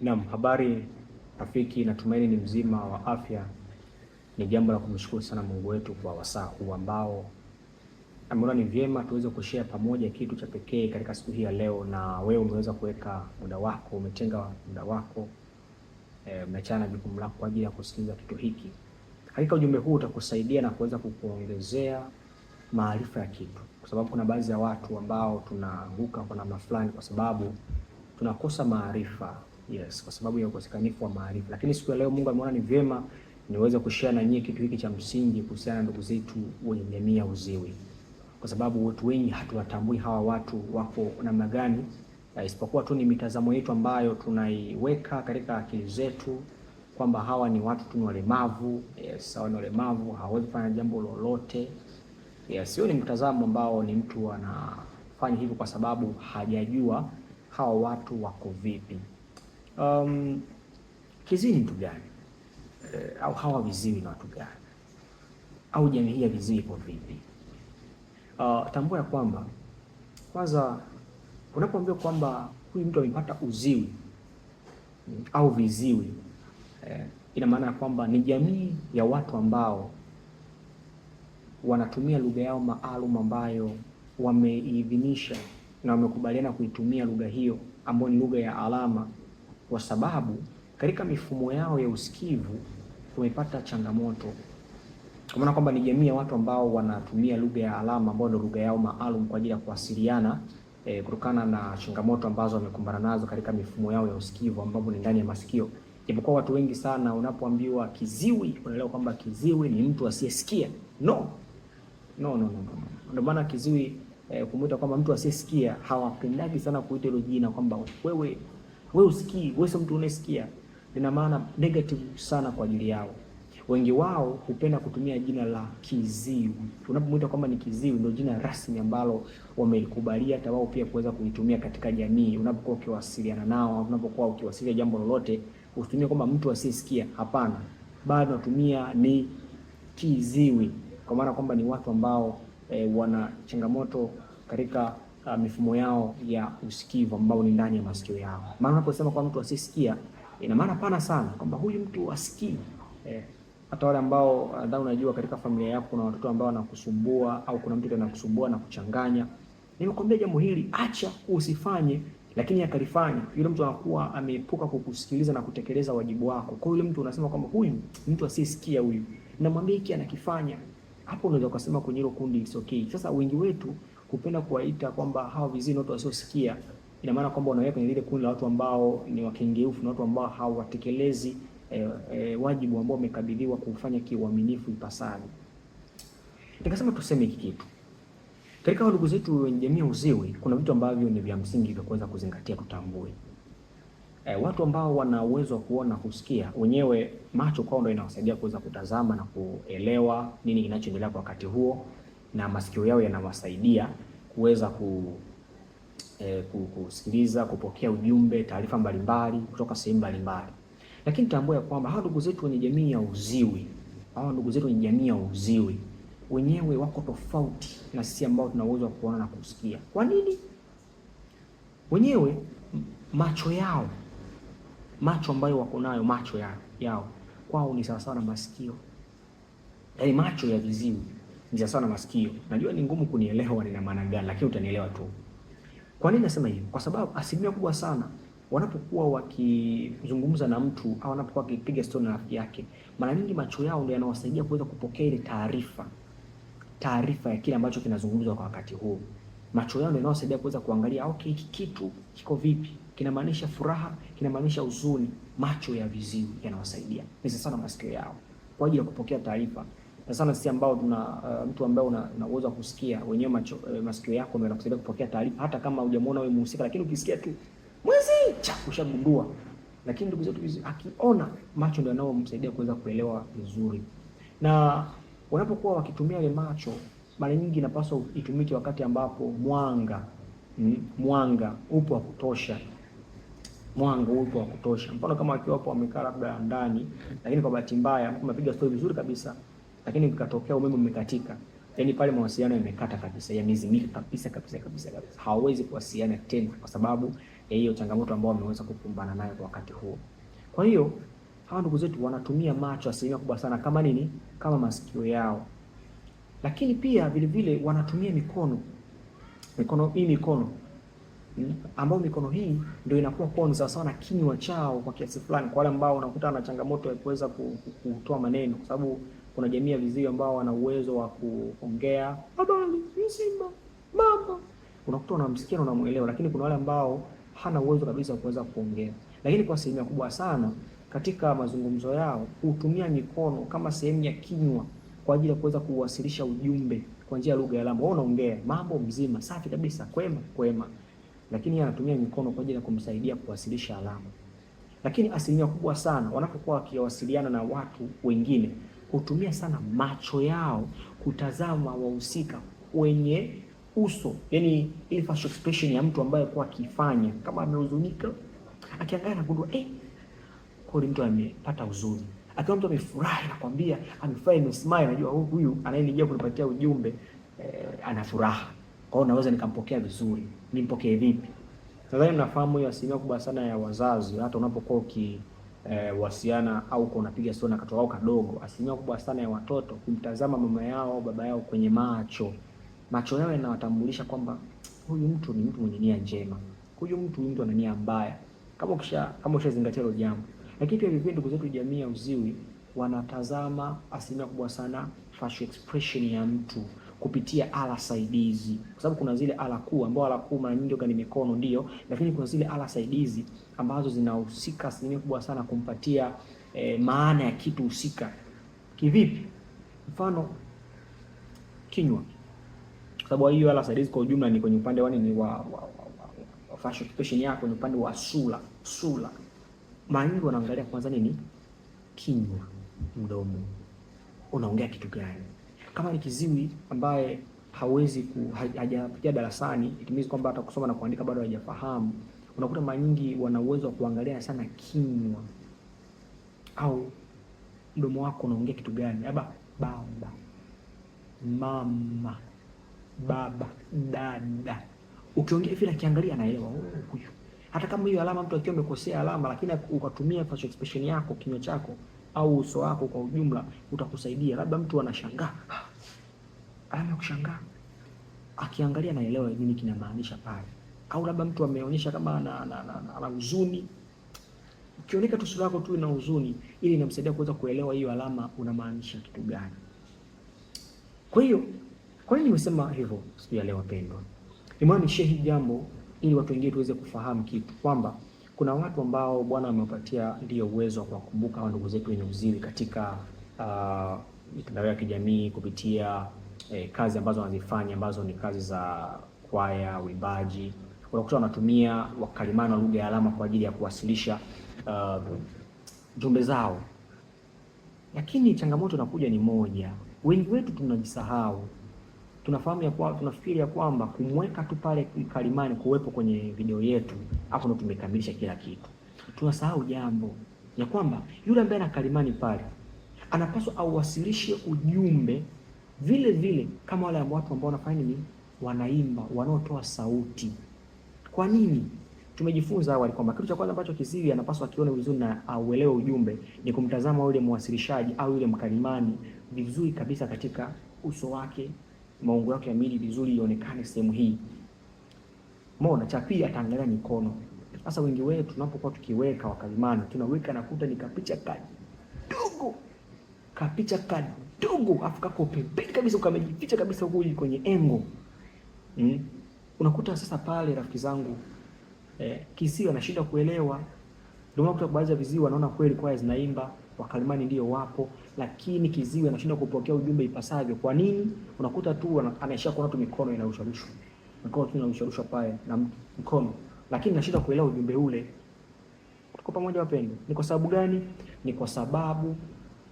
Naam, habari rafiki, natumaini ni mzima wa afya. Ni jambo la kumshukuru sana Mungu wetu kwa wasaa huu ambao ameona ni vyema tuweze kushare pamoja kitu cha pekee katika siku hii ya leo, na wewe umeweza kuweka muda wako, umetenga muda wako eh, umeachana jukumu lako kwa ajili ya kusikiliza kitu hiki. Hakika ujumbe huu utakusaidia na kuweza kukuongezea maarifa ya kitu, kwa sababu kuna baadhi ya watu ambao tunaanguka kwa namna fulani, kwa sababu tunakosa maarifa Yes, kwa sababu ya ukosekanifu wa maarifa. Lakini siku ya leo Mungu ameona ni vyema niweze kushare na nyie kitu hiki cha msingi kuhusiana na ndugu zetu wenye jamii ya uziwi, kwa sababu watu wengi hatuwatambui hawa watu wako namna gani, isipokuwa tu ni mitazamo yetu ambayo tunaiweka katika akili zetu kwamba hawa ni watu tu ni walemavu. Yes, hawa ni walemavu, hawezi kufanya jambo lolote. Yes, hiyo ni mtazamo ambao ni mtu anafanya hivyo kwa sababu hajajua hawa watu wako vipi um, kiziwi ni mtu gani? E, au hawa viziwi ni watu gani? Au jamii hii ya viziwi ipo vipi? Uh, tambua ya kwamba kwanza unapoambiwa kwamba huyu mtu amepata uziwi au viziwi eh, ina maana ya kwamba ni jamii ya watu ambao wanatumia lugha yao maalum ambayo wameiidhinisha na wamekubaliana kuitumia lugha hiyo ambayo ni lugha ya alama kwa sababu katika mifumo yao ya usikivu wamepata changamoto, kwa maana kwamba ni jamii ya watu ambao wanatumia lugha ya alama ambayo ndio lugha yao maalum kwa ajili ya kuwasiliana e, kutokana na changamoto ambazo wamekumbana nazo katika mifumo yao ya usikivu ambapo ni ndani ya masikio. Japokuwa watu wengi sana unapoambiwa kiziwi unaelewa kwamba kiziwi ni mtu asiyesikia. No, no, no, no, no. Ndio maana kiziwi e, kumuita kwamba mtu asiyesikia hawapendagi sana kuita hilo jina kwamba wewe We usikii, we sio mtu unesikia. Ina maana negative sana kwa ajili yao. Wengi wao hupenda kutumia jina la kiziwi. Unapomwita kwamba ni kiziwi, ndio jina rasmi ambalo wamelikubalia hata wao pia kuweza kulitumia katika jamii. Unapokuwa ukiwasiliana nao, unapokuwa ukiwasilia jambo lolote, usitumie kwamba mtu asiyesikia. Hapana, bado natumia ni kiziwi, kwa maana kwamba ni watu ambao e, wana changamoto katika uh, mifumo yao ya usikivu ambao ni ndani ya masikio yao. Maana unaposema kwa mtu asisikia, ina maana pana sana kwamba huyu mtu asikii eh, hata wale ambao nadhani uh, unajua katika familia yako kuna watoto ambao wanakusumbua au kuna mtu anakusumbua na kuchanganya. Nimekwambia jambo hili, acha usifanye, lakini akalifanya. Yule mtu anakuwa ameepuka kukusikiliza na kutekeleza wajibu wako. Kwa yule mtu unasema kwamba huyu mtu asisikia huyu. Namwambia hiki anakifanya. Hapo unaweza kusema kwenye hilo kundi it's okay. Sasa wengi wetu kupenda kuwaita kwamba hawa viziwi watu wasiosikia, ina maana kwamba unaweka kwenye lile kundi la watu ambao ni wakengeufu na watu ambao hawatekelezi e, e, wajibu ambao wamekabidhiwa kufanya kiuaminifu ipasavyo. Nikasema tuseme hiki kitu katika ndugu zetu wenye jamii uziwi, kuna vitu ambavyo ni vya msingi vya kuweza kuzingatia, tutambue e, watu ambao wana uwezo wa kuona kusikia, wenyewe macho kwao ndio inawasaidia kuweza kutazama na kuelewa nini kinachoendelea kwa wakati huo na masikio yao yanawasaidia kuweza ku, eh, kusikiliza, kupokea ujumbe, taarifa mbalimbali kutoka sehemu mbalimbali. Lakini tambua ya kwamba hawa ndugu zetu wenye jamii ya uziwi, hawa ndugu zetu wenye jamii ya uziwi wenyewe wako tofauti na sisi ambao tuna uwezo wa kuona na kusikia. Kwa nini? Wenyewe macho yao, macho ambayo wako nayo, macho yao, yao kwao ni sawasawa na masikio, yaani macho ya viziwi njia sawa na masikio. Najua ni ngumu kunielewa nina maana gani, lakini utanielewa tu. Kwa nini nasema hivyo? Kwa sababu asilimia kubwa sana wanapokuwa wakizungumza na mtu au wanapokuwa wakipiga stori na rafiki yake, mara nyingi macho yao ndio yanawasaidia kuweza kupokea ile taarifa, taarifa ya kile ambacho kinazungumzwa kwa wakati huo. Macho yao ndio yanawasaidia kuweza kuangalia, ah, okay, hiki kitu kiko vipi, kinamaanisha furaha, kinamaanisha huzuni. Macho ya viziwi yanawasaidia, ni sana masikio yao kwa ajili ya kupokea taarifa na sana sisi ambao tuna uh, mtu ambaye una, una uwezo wa kusikia wenyewe macho, uh, masikio yako ndio yanakusaidia kupokea taarifa, hata kama hujamuona wewe muhusika, lakini ukisikia tu mwizi cha kushagundua. Lakini ndugu zetu akiona macho ndio yanayomsaidia kuweza kuelewa vizuri, na wanapokuwa wakitumia ile macho, mara nyingi inapaswa itumike wakati ambapo mwanga mm, mwanga upo wa kutosha mwanga upo wa kutosha. Mfano kama akiwapo amekaa labda ndani, lakini kwa bahati mbaya umepiga stori vizuri kabisa lakini ikatokea umeme umekatika, yani pale mawasiliano yamekata kabisa, yamezimika kabisa kabisa kabisa kabisa, hawawezi kuwasiliana tena kwa sababu ya hiyo changamoto ambayo wameweza kukumbana nayo kwa wakati huo. Kwa hiyo hawa ndugu zetu wanatumia macho asilimia kubwa sana kama nini, kama masikio yao, lakini pia vile vile wanatumia mikono, mikono hii mikono hmm? ambao mikono hii ndio inakuwa kwa sawa sawa na kinywa chao kwa kiasi fulani, kwa wale ambao unakuta na changamoto ya kuweza kutoa maneno, kwa sababu kuna jamii ya viziwi ambao wana uwezo wa kuongea habari, simba, mamba, unakuta unamsikia na unamuelewa, lakini kuna wale ambao hana uwezo kabisa wa kuweza kuongea, lakini kwa asilimia kubwa sana katika mazungumzo yao hutumia mikono kama sehemu ya kinywa kwa ajili ya kuweza kuwasilisha ujumbe kwa njia ya lugha ya alama. Wao unaongea mambo mzima, safi kabisa, kwema kwema, lakini anatumia mikono kwa ajili ya kumsaidia kuwasilisha alama. Lakini asilimia kubwa sana wanapokuwa wakiwasiliana na watu wengine hutumia sana macho yao kutazama wahusika wenye uso, yani ile facial expression ya mtu ambaye kwa akifanya kama amehuzunika, akiangalia na kugundua eh, kwa mtu amepata huzuni, akiwa mtu amefurahi, nakwambia amefurahi, smile, najua oh, huyu anayenijia kunipatia ujumbe eh, ana furaha, kwa hiyo naweza nikampokea vizuri. Nimpokee vipi? Nadhani mnafahamu hiyo asilimia kubwa sana ya wazazi, hata unapokuwa uki eh, wasichana au kwa unapiga sio na wao kadogo, asilimia kubwa sana ya watoto kumtazama mama yao au baba yao kwenye macho. Macho yao yanawatambulisha kwamba huyu mtu ni mtu mwenye nia njema, huyu mtu ni mtu ana nia mbaya, kama ukisha kama ushazingatia hilo jambo. Lakini pia vipindi ndugu zetu jamii ya uziwi wanatazama asilimia kubwa sana facial expression ya mtu kupitia ala saidizi, kwa sababu kuna zile ala kuu ambao ala kuu mara nyingi ni mikono ndio, lakini kuna zile ala saidizi ambazo zinahusika asilimia kubwa sana kumpatia e, maana ya kitu husika. Kivipi? Mfano kinywa, kwa sababu hiyo ala saidizi kwa ujumla ni kwenye upande wa nini wa, wa, wa, wa fashion expression yako, ni upande wa sura. Sura mara nyingi wanaangalia kwanza nini? Kinywa, mdomo, unaongea kitu gani? Kama ni kiziwi ambaye hawezi hajapitia darasani, ikimizi kwamba hata kusoma na kuandika bado hajafahamu, unakuta mara nyingi wana uwezo wa kuangalia sana kinywa au mdomo wako unaongea kitu gani, labda baba, mama, baba, dada. Ukiongea vile akiangalia anaelewa oh, huyu. Hata kama hiyo alama mtu akiwa amekosea alama, lakini ukatumia facial expression yako, kinywa chako au uso wako kwa ujumla, utakusaidia. Labda mtu anashangaa ah, alama kushangaa, akiangalia naelewa nini kinamaanisha pale, au labda mtu ameonyesha kama ana ana, huzuni. Ukioneka tu sura yako tu ina huzuni, ili inamsaidia kuweza kuelewa hiyo alama unamaanisha kitu gani. Kwa hiyo kwa nini nimesema hivyo siku ya leo wapendwa? maana nishie hili jambo ili watu wengine tuweze kufahamu kitu kwamba kuna watu ambao Bwana amewapatia ndio uwezo wa kuwakumbuka hawa ndugu zetu wenye uziwi katika ah, mitandao uh, ya kijamii kupitia eh, kazi ambazo wanazifanya ambazo ni kazi za kwaya, uimbaji, unakuta wanatumia wakalimani wa lugha ya alama kwa ajili ya kuwasilisha uh, jumbe zao. Lakini changamoto inakuja ni moja, wengi wetu tunajisahau tunafahamu ya kwa, tunafikiri ya kwamba kumweka tu pale kalimani kuwepo kwenye video yetu hapo ndo tumekamilisha kila kitu. Tunasahau jambo ya kwamba yule ambaye ana kalimani pale anapaswa auwasilishe ujumbe vile vile kama wale watu ambao wanafanya nini, wanaimba, wanaotoa sauti. Kwa nini? Tumejifunza awali kwamba kitu cha kwanza ambacho kiziwi anapaswa akione vizuri na auelewe ujumbe ni kumtazama yule mwasilishaji au yule mkalimani vizuri kabisa, katika uso wake, maungo yake ya mwili vizuri ionekane sehemu hii. Mbona cha pili ataangalia mikono. Sasa wengi wetu tunapokuwa tukiweka wakalimani tunaweka nakuta ni kapicha kadogo, kapicha kadogo kidogo, afu kako pembeni kabisa, ukamejificha kabisa huko kwenye engo mm. Unakuta sasa pale rafiki zangu eh, kisiwa anashinda kuelewa. Ndio maana kuta baadhi ya viziwi wanaona kweli kwaya zinaimba wakalimani ndio wapo, lakini kiziwi anashinda kupokea ujumbe ipasavyo. Kwa nini? Unakuta tu anaishia kuona tu mikono inausharushwa mikono tu inausharushwa pale na mkono, lakini anashinda kuelewa ujumbe ule. Tuko pamoja wapendwa? Ni kwa sababu gani? Ni kwa sababu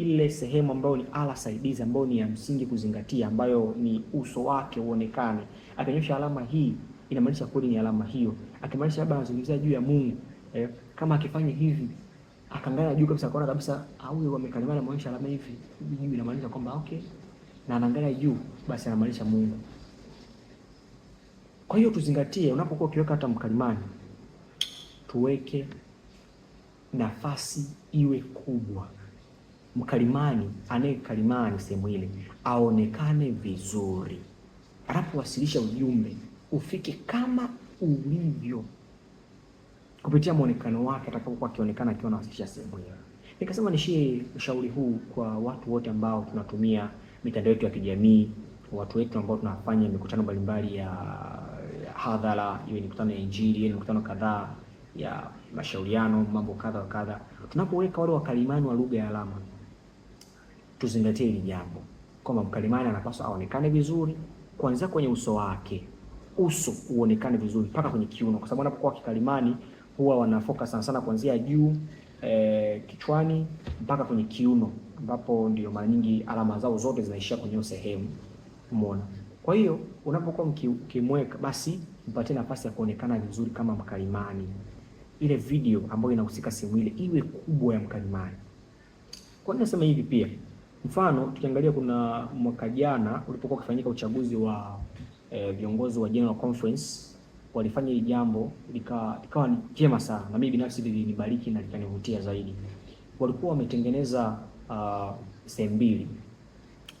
ile sehemu ambayo ni ala saidizi ambayo ni ya msingi kuzingatia, ambayo ni uso wake uonekane. Akionyesha alama hii, inamaanisha kweli ni alama hiyo. Akimaanisha labda anazungumzia juu ya Mungu eh, kama akifanya hivi akaangalia juu kabisa, akaona kabisa au ah, yeye wamekalimana, maonyesha alama hivi juu, inamaanisha kwamba okay, na anaangalia juu, basi anamaanisha Mungu. Kwa hiyo tuzingatie, unapokuwa ukiweka hata mkalimani, tuweke nafasi iwe kubwa mkalimani anayekalimani sehemu ile aonekane vizuri, anapowasilisha ujumbe ufike kama ulivyo kupitia mwonekano wake atakapokuwa akionekana akiwa anawasilisha sehemu hiyo. Nikasema nishie ushauri huu kwa watu wote ambao tunatumia mitandao yetu ya kijamii, watu wetu ambao tunafanya mikutano mbalimbali ya, hadhara, iwe ni mikutano ya Injili, iwe ni mikutano kadhaa ya mashauriano, mambo kadha wa kadha, tunapoweka wale wakalimani wa lugha ya alama tuzingatie hili jambo kwamba mkalimani anapaswa aonekane vizuri kuanzia kwenye uso wake, uso uonekane vizuri mpaka kwenye kiuno, kwa sababu anapokuwa kikalimani huwa wana focus sana sana kuanzia juu e, kichwani mpaka kwenye kiuno, ambapo ndio mara nyingi alama zao zote zinaishia kwenye hiyo sehemu, umeona. Kwa hiyo unapokuwa mkimweka, basi mpatie nafasi ya kuonekana vizuri kama mkalimani. Ile video ambayo inahusika simu ile iwe kubwa ya mkalimani. Kwa nini nasema hivi pia Mfano tukiangalia kuna mwaka jana ulipokuwa ukifanyika uchaguzi wa eh, viongozi wa General Conference walifanya hili jambo likawa lika jema sana, na mimi binafsi lilinibariki na likanivutia zaidi. Walikuwa wametengeneza uh, sehemu mbili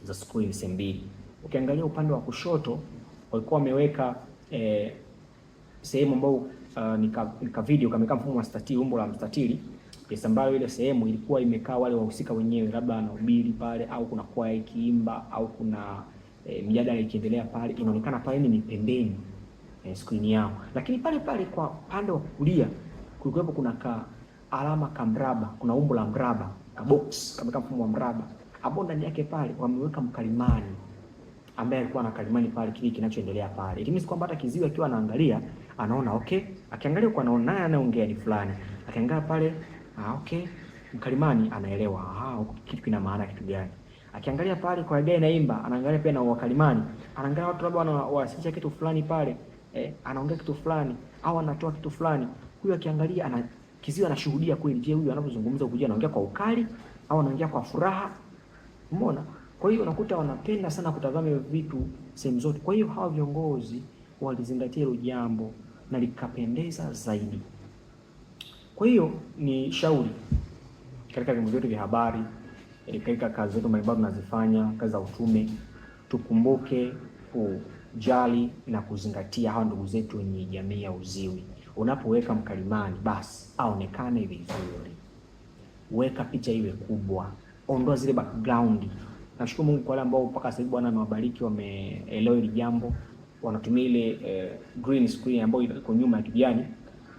za screen, sehemu mbili. Ukiangalia upande wa kushoto walikuwa wameweka eh, sehemu ambayo uh, ah, nika, nika video kameka mfumo wa mstatili, umbo la mstatili Yes, ambayo ile sehemu ilikuwa imekaa wale wahusika wenyewe, labda anahubiri pale au kuna kwaya ikiimba au kuna e, eh, mjadala ikiendelea pale, inaonekana pale ni pembeni e, screen yao. Lakini pale pale kwa pande wa kulia kulikuwepo kuna ka alama ka mraba, kuna umbo la mraba ka box kama kama mfumo wa mraba, ambao ndani yake pale wameweka mkalimani ambaye alikuwa na kalimani pale kile kinachoendelea pale. Ili means kwamba hata kiziwi akiwa anaangalia anaona okay, akiangalia kwa anaona naye anaongea ni fulani, akiangalia pale Ah, okay. Mkalimani anaelewa ah, kitu kina maana kitu gani. Akiangalia pale kwa gari naimba, anaangalia pia na wakalimani, anaangalia watu labda wanawasilisha kitu fulani pale, eh, anaongea kitu fulani au anatoa kitu fulani. Huyu akiangalia ana kiziwi anashuhudia kweli, je, huyu anapozungumza huyu anaongea kwa ukali au anaongea kwa furaha? Umeona? Kwa hiyo unakuta wanapenda sana kutazama hivyo vitu sehemu zote. Kwa hiyo hawa viongozi walizingatia hilo jambo na likapendeza zaidi. Kwa hiyo ni shauri katika vyombo vyetu vya habari, eh, katika kazi zetu mbalimbali tunazifanya, kazi za utume, tukumbuke kujali na kuzingatia hawa ndugu zetu wenye jamii ya uziwi. Unapoweka mkalimani, basi aonekane vizuri, weka picha iwe kubwa, ondoa zile background. Nashukuru Mungu kwa wale ambao mpaka sasa Bwana amewabariki wameelewa hili jambo, wanatumia ile eh, green screen ambayo iko nyuma ya kijani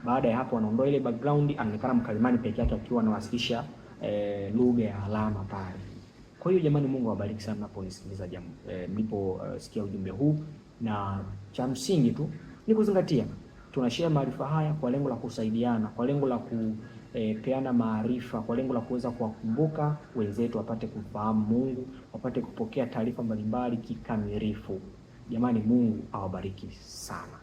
baada ya hapo, anaondoa ile background, anaonekana mkalimani peke yake akiwa anawasilisha e, lugha ya alama pale. Kwa hiyo jamani, Mungu awabariki sana e, mlipo e, sikia ujumbe huu, na cha msingi tu ni kuzingatia, tunashare maarifa haya kwa lengo la kusaidiana, kwa lengo la ku E, peana maarifa kwa lengo la kuweza kuwakumbuka wenzetu wapate kumfahamu Mungu, wapate kupokea taarifa mbalimbali kikamilifu. Jamani, Mungu awabariki sana.